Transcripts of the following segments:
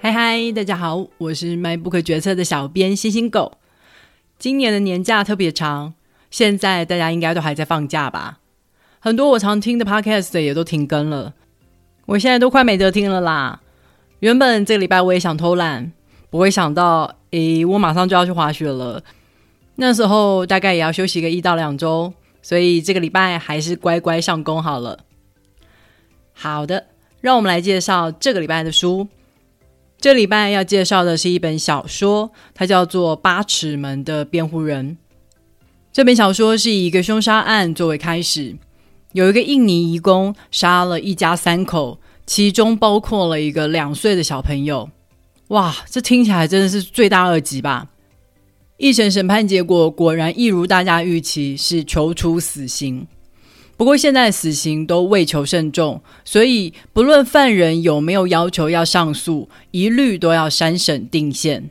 嗨嗨，Hi, Hi, 大家好，我是 MINEBOOK 掘冊的小編星星狗。今年的年假特別長，現在大家應該都還在放假吧？很多我常聽的 podcast 也都停更了，我現在都快沒得聽了啦。原本這個禮拜我也想偷懶，不會想到誒、欸，我馬上就要去滑雪了。那時候大概也要休息個一到兩週，所以這個禮拜還是乖乖上工好了。好的，讓我們來介紹這個禮拜的書。這禮拜要介紹的是一本小說，它叫做《八尺門的辯護人》。這本小說是以一個兇殺案作為開始，有一個印尼移工殺了一家三口，其中包括了一個兩歲的小朋友。哇，這聽起來真的是罪大惡極吧？一審審判結果果然一如大家預期，是求處死刑。不過現在死刑都為求慎重，所以不論犯人有沒有要求要上訴，一律都要三審定讞。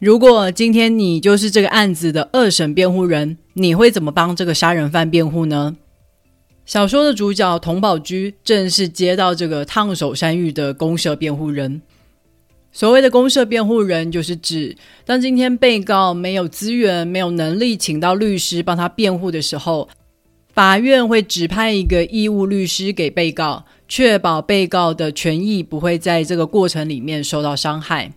如果今天你就是這個案子的二審辯護人，你會怎麼幫這個殺人犯辯護呢？小說的主角佟寶駒正是接到這個燙手山芋的公設辯護人。所謂的公設辯護人，就是指當今天被告沒有資源、沒有能力請到律師幫他辯護的時候。法院會指派一個義務律師給被告，確保被告的權益不會在這個過程裡面受到傷害。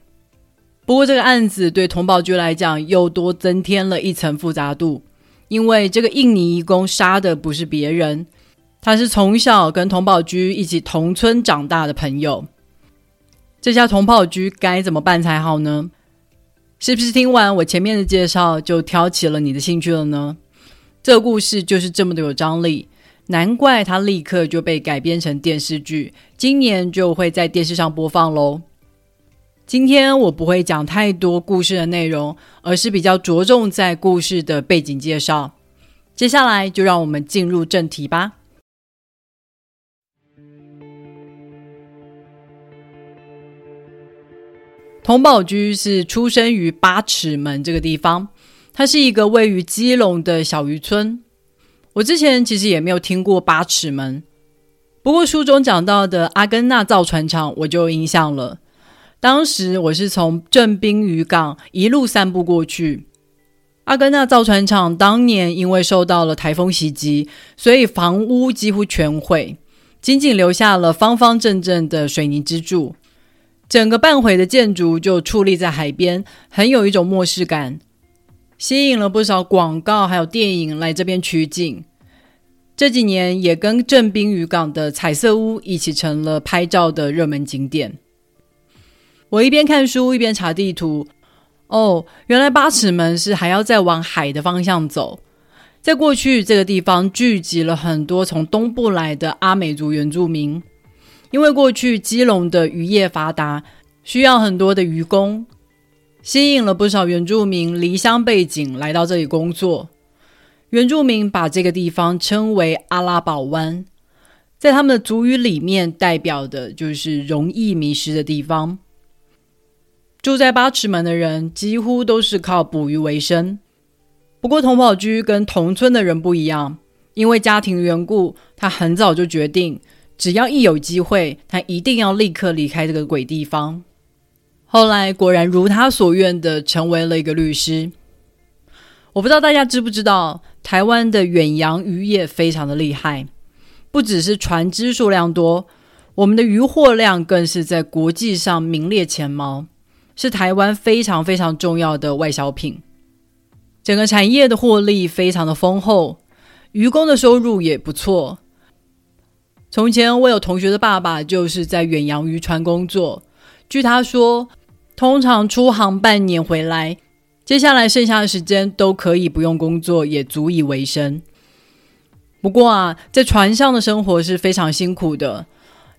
不過，這個案子對佟寶駒來講又多增添了一層複雜度，因為這個印尼移工殺的不是別人，他是從小跟佟寶駒一起同村長大的朋友。這下佟寶駒該怎麼辦才好呢？是不是聽完我前面的介紹就挑起了你的興趣了呢？這故事就是這麼的有張力，難怪它立刻就被改編成電視劇，今年就會在電視上播放嘍。今天我不會講太多故事的內容，而是比較着重在故事的背景介紹。接下來就讓我們進入正題吧。佟寶駒是出生於八尺門這個地方。它是一個位於基隆的小漁村。我之前其實也沒有聽過八尺門，不過書中講到的阿根納造船廠我就有印象了。當時我是從正濱漁港一路散步過去。阿根納造船廠當年因為受到了台風襲擊，所以房屋幾乎全毀，僅僅留下了方方正正的水泥支柱。整個半毀的建築就矗立在海邊，很有一種末世感。吸引了不少廣告還有電影來這邊取景，這幾年也跟正濱漁港的彩色屋一起成了拍照的熱門景點。我一邊看書，一邊查地圖，哦，原來八尺門是還要再往海的方向走。在過去，這個地方聚集了很多從東部來的阿美族原住民，因為過去基隆的漁業發達，需要很多的漁工。吸引了不少原住民離鄉背井來到這裡工作。原住民把這個地方稱為阿拉寶灣，在他們的族語裡面，代表的就是容易迷失的地方。住在八尺門的人幾乎都是靠捕魚為生。不過，佟寶駒跟同村的人不一樣，因為家庭緣故，他很早就決定，只要一有機會，他一定要立刻離開這個鬼地方。後來果然如他所願的成為了一個律師。我不知道大家知不知道，台灣的遠洋漁業非常的厲害，不只是船隻數量多，我們的漁獲量更是在國際上名列前茅，是台灣非常非常重要的外銷品。整個產業的獲利非常的豐厚，漁工的收入也不錯。從前我有同學的爸爸就是在遠洋漁船工作，據他說，通常出航半年回來，接下來剩下的時間都可以不用工作，也足以維生。不過啊，在船上的生活是非常辛苦的。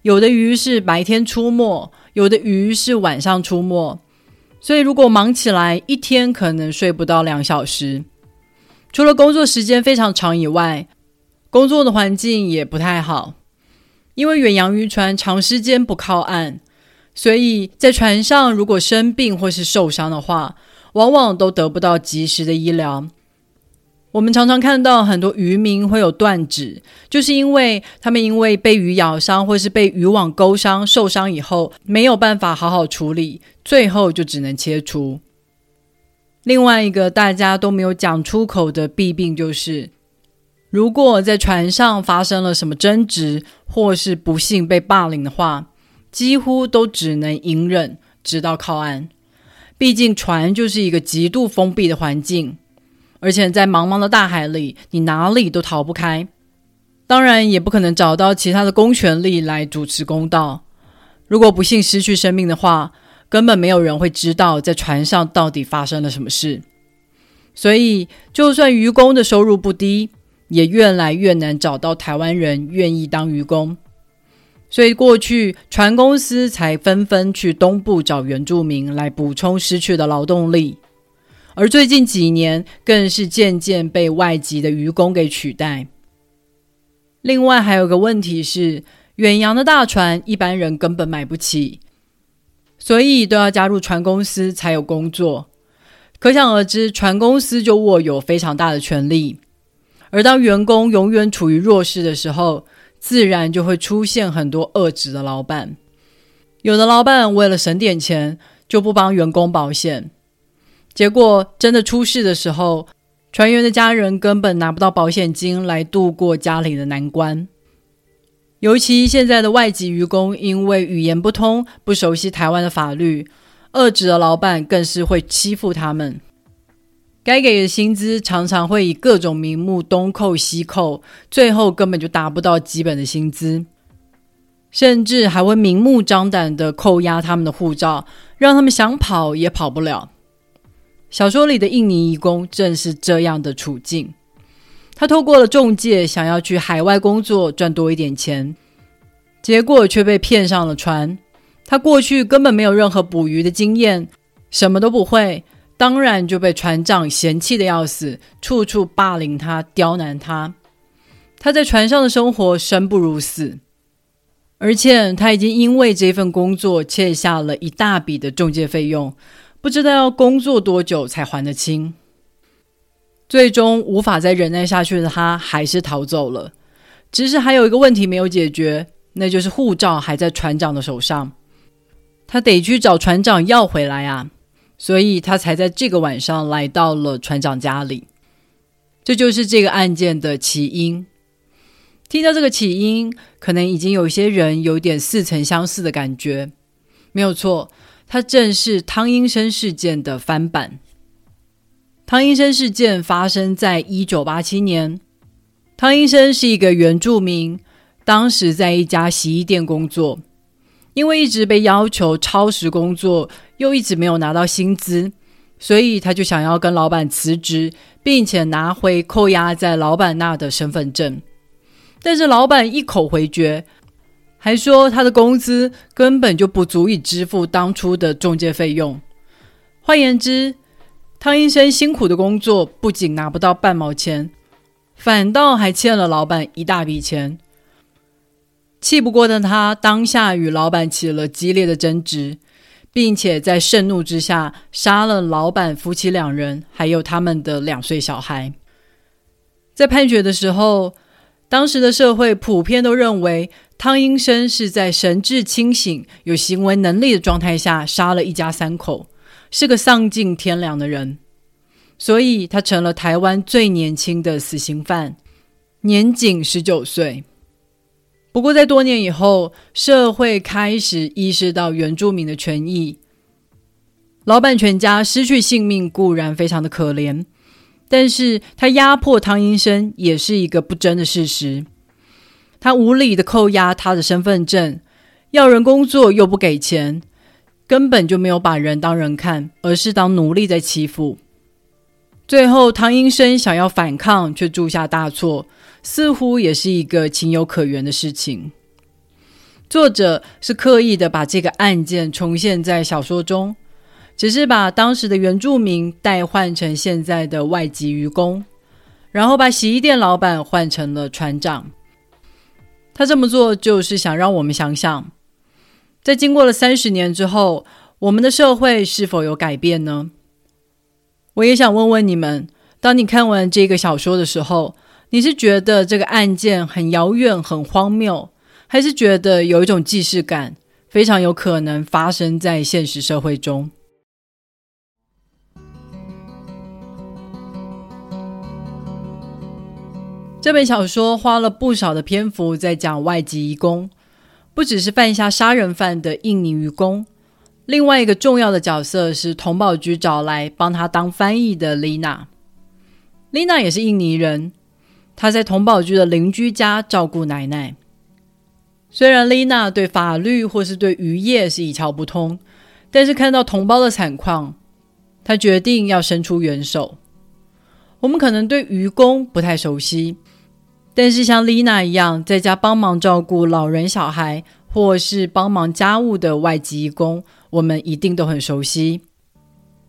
有的魚是白天出沒，有的魚是晚上出沒，所以如果忙起來，一天可能睡不到兩小時。除了工作時間非常長以外，工作的環境也不太好，因為遠洋漁船長時間不靠岸。所以在船上，如果生病或是受傷的話，往往都得不到及時的醫療。我們常常看到很多漁民會有斷指，就是因為他們因為被魚咬傷或是被漁網勾傷受傷以後，沒有辦法好好處理，最後就只能切除。另外一個大家都沒有講出口的弊病就是，如果在船上發生了什麼爭執或是不幸被霸凌的話，幾乎都只能隱忍，直到靠岸。畢竟船就是一個極度封閉的環境，而且在茫茫的大海裡，你哪裡都逃不開。當然，也不可能找到其他的公權力來主持公道。如果不幸失去生命的話，根本沒有人會知道在船上到底發生了什麼事。所以，就算漁工的收入不低，也越來越難找到台灣人願意當漁工。所以過去船公司才紛紛去東部找原住民來補充失去的勞動力，而最近幾年更是漸漸被外籍的漁工給取代。另外還有個問題是，遠洋的大船一般人根本買不起，所以都要加入船公司才有工作。可想而知，船公司就握有非常大的權力。而當員工永遠處於弱勢的時候。自然就會出現很多惡質的老板，有的老板為了省點錢，就不幫員工保險，結果真的出事的時候，船員的家人根本拿不到保險金來度過家裡的難關。尤其現在的外籍漁工，因為語言不通，不熟悉台灣的法律，惡質的老板更是會欺負他們。該給的薪資常常會以各種名目東扣西扣，最後根本就達不到基本的薪資，甚至還會明目張膽地扣押他們的護照，讓他們想跑也跑不了。小說裡的印尼漁工正是這樣的處境，他透過了中介想要去海外工作賺多一點錢，結果卻被騙上了船。他過去根本沒有任何捕魚的經驗，什麼都不會。當然就被船長嫌棄的要死，處處霸凌他，刁難他。他在船上的生活生不如死，而且他已經因為這份工作欠下了一大筆的中介費用，不知道要工作多久才還得清。最終無法再忍耐下去的他，還是逃走了。只是還有一個問題沒有解決，那就是護照還在船長的手上，他得去找船長要回來啊。所以他才在這個晚上來到了船長家裡，這就是這個案件的起因。聽到這個起因，可能已經有些人有點似曾相識的感覺。沒有錯，它正是湯英伸事件的翻版。湯英伸事件發生在一九八七年，湯英伸是一個原住民，當時在一家洗衣店工作，因為一直被要求超時工作。又一直沒有拿到薪資，所以他就想要跟老板辭職，並且拿回扣押在老板那的身份證。但是老板一口回絕，還說他的工資根本就不足以支付當初的仲介費用。換言之，湯英伸辛苦的工作不僅拿不到半毛錢，反倒還欠了老板一大筆錢。氣不過的他，當下與老板起了激烈的爭執。並且在盛怒之下殺了老板夫妻兩人，還有他們的兩歲小孩。在判決的時候，當時的社會普遍都認為湯英伸是在神志清醒、有行為能力的狀態下殺了一家三口，是個喪盡天良的人，所以他成了台灣最年輕的死刑犯，年僅十九歲。不過，在多年以後，社會開始意識到原住民的權益。老闆全家失去性命固然非常的可憐，但是他壓迫湯英伸也是一個不爭的事實。他無理的扣押他的身份證，要人工作又不給錢，根本就沒有把人當人看，而是當奴隸在欺負。最後，湯英伸想要反抗，卻鑄下大錯。似乎也是一個情有可原的事情。作者是刻意的把這個案件重現在小說中，只是把當時的原住民代換成現在的外籍漁工，然後把洗衣店老板換成了船長。他這麼做就是想讓我們想想，在經過了三十年之後，我們的社會是否有改變呢？我也想問問你們，當你看完這個小說的時候。你是覺得這個案件很遙遠、很荒謬，還是覺得有一種既視感，非常有可能發生在現實社會中？這本小說花了不少的篇幅在講外籍移工，不只是犯下殺人犯的印尼移工，另外一個重要的角色是同保局找來幫他當翻譯的麗娜。麗娜也是印尼人。他在同保局的鄰居家照顧奶奶。雖然麗娜對法律或是對漁業是一竅不通，但是看到同胞的慘況，她決定要伸出援手。我們可能對漁工不太熟悉，但是像麗娜一樣在家幫忙照顧老人、小孩，或是幫忙家務的外籍移工，我們一定都很熟悉。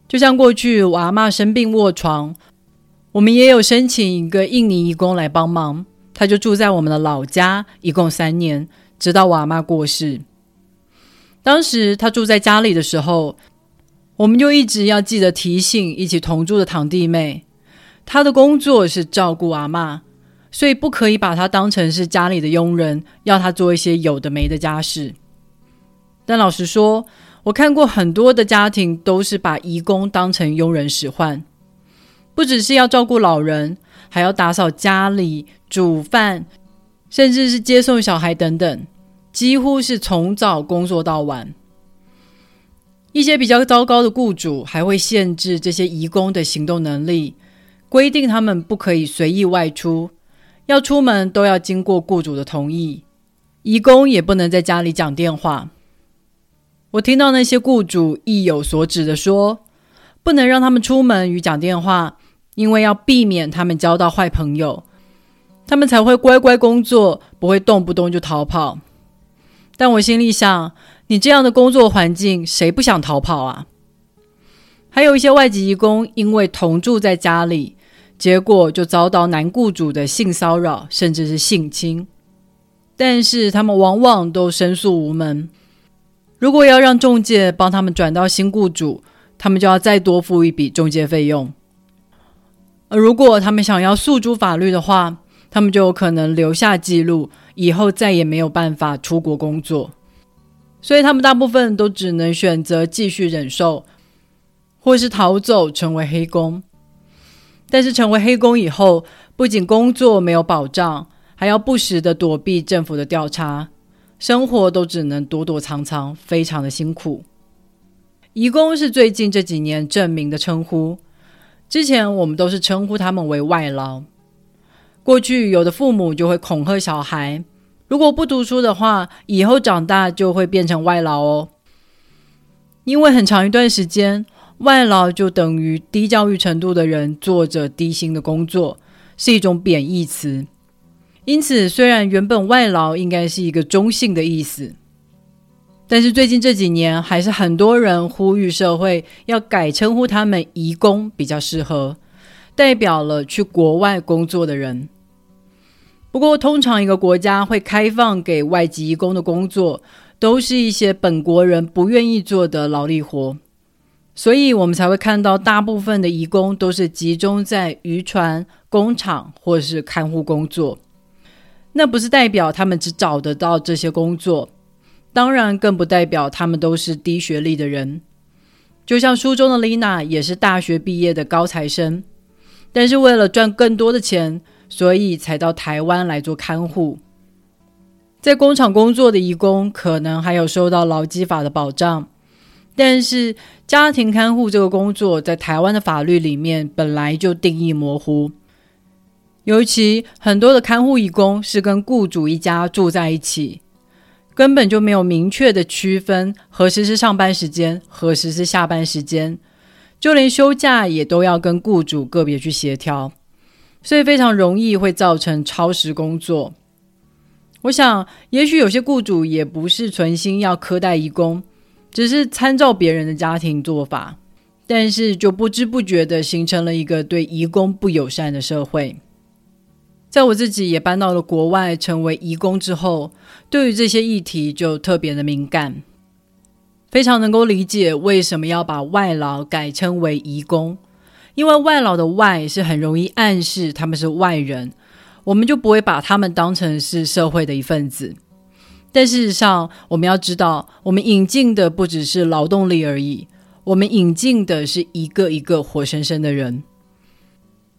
就像過去，我阿媽生病臥床。我們也有申請一個印尼移工來幫忙，他就住在我們的老家，一共三年，直到我阿嬤過世。當時他住在家裡的時候，我們就一直要記得提醒一起同住的堂弟妹，他的工作是照顧阿嬤，所以不可以把他當成是家裡的傭人，要他做一些有的沒的家事。但老實說，我看過很多的家庭都是把移工當成傭人使喚。不只是要照顧老人，還要打掃家裡、煮飯，甚至是接送小孩等等，幾乎是從早工作到晚。一些比較糟糕的雇主還會限制這些移工的行動能力，規定他們不可以隨意外出，要出門都要經過雇主的同意。移工也不能在家裡講電話。我聽到那些雇主意有所指地說：“不能讓他們出門與講電話。”因為要避免他們交到壞朋友，他們才會乖乖工作，不會動不動就逃跑。但我心裡想，你這樣的工作環境，誰不想逃跑啊？還有一些外籍移工，因為同住在家裡，結果就遭到男雇主的性騷擾，甚至是性侵。但是他們往往都申訴無門。如果要讓仲介幫他們轉到新雇主，他們就要再多付一筆仲介費用。而如果他們想要訴諸法律的話，他們就有可能留下記錄，以後再也沒有辦法出國工作。所以他們大部分都只能選擇繼續忍受，或是逃走成為黑工。但是成為黑工以後，不僅工作沒有保障，還要不時的躲避政府的調查，生活都只能躲躲藏藏，非常的辛苦。移工是最近這幾年正名的稱呼。之前我們都是稱呼他們為“外勞”，過去有的父母就會恐嚇小孩：“如果不讀書的話，以後長大就會變成外勞哦。”因為很長一段時間，“外勞”就等於低教育程度的人做着低薪的工作，是一種貶義詞。因此，雖然原本“外勞”應該是一個中性的意思。但是最近這幾年，還是很多人呼籲社會要改稱呼他們“移工”比較適合，代表了去國外工作的人。不過，通常一個國家會開放給外籍移工的工作，都是一些本國人不願意做的勞力活，所以我們才會看到大部分的移工都是集中在漁船、工廠或是看護工作。那不是代表他們只找得到這些工作。當然，更不代表他們都是低學歷的人。就像書中的麗娜也是大學畢業的高材生，但是為了賺更多的錢，所以才到台灣來做看護。在工廠工作的移工可能還有受到勞基法的保障，但是家庭看護這個工作在台灣的法律裡面本來就定義模糊，尤其很多的看護移工是跟雇主一家住在一起。根本就沒有明確的區分何時是上班時間，何時是下班時間，就連休假也都要跟雇主個別去協調，所以非常容易會造成超時工作。我想，也許有些雇主也不是存心要苛待移工，只是參照別人的家庭做法，但是就不知不覺的形成了一個對移工不友善的社會。在我自己也搬到了國外，成為移工之後，對於這些議題就特別的敏感，非常能夠理解為什麼要把外勞改稱為移工，因為外勞的“外”是很容易暗示他們是外人，我們就不會把他們當成是社會的一份子。但事實上，我們要知道，我們引進的不只是勞動力而已，我們引進的是一個一個活生生的人。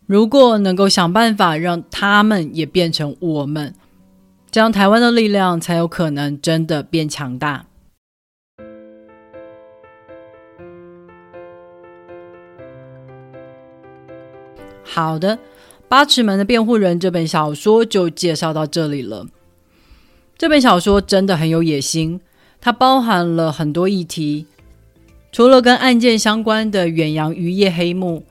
如果能夠想辦法讓他們也變成我們，這樣台灣的力量才有可能真的變強大。好的，《八尺門的辯護人》這本小說就介紹到這裡了。這本小說真的很有野心，它包含了很多議題，除了跟案件相關的遠洋漁業黑幕。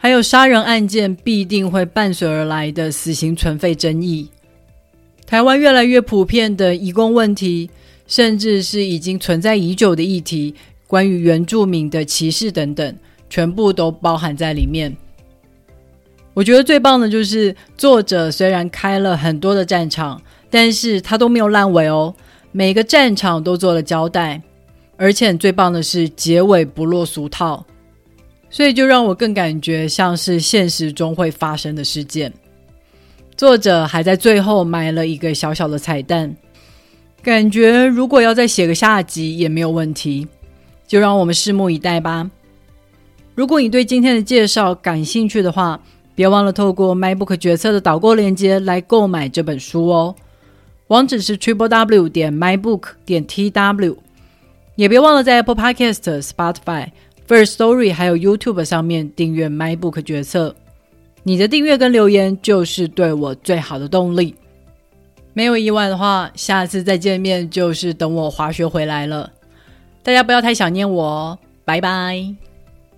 還有殺人案件必定會伴隨而來的死刑存廢爭議，台灣越來越普遍的移工問題，甚至是已經存在已久的議題，關於原住民的歧視等等，全部都包含在裡面。我覺得最棒的就是作者雖然開了很多的戰場，但是他都沒有爛尾哦，每個戰場都做了交代，而且最棒的是結尾不落俗套。所以就讓我更感覺像是現實中會發生的事件。作者還在最後埋了一個小小的彩蛋，感覺如果要再寫個下集也沒有問題，就讓我們拭目以待吧。如果你對今天的介紹感興趣的話，別忘了透過 MineBook 掘冊的導購鏈接來購買這本書哦。網址是 TripleW 點 MineBook 點 TW，也別忘了在 Apple Podcast、Spotify、Firstory 還有 YouTube 上面訂閱 MINEBOOK 掘冊，你的訂閱跟留言就是對我最好的動力。沒有意外的話，下次再見面就是等我滑雪回來了。大家不要太想念我哦，拜拜。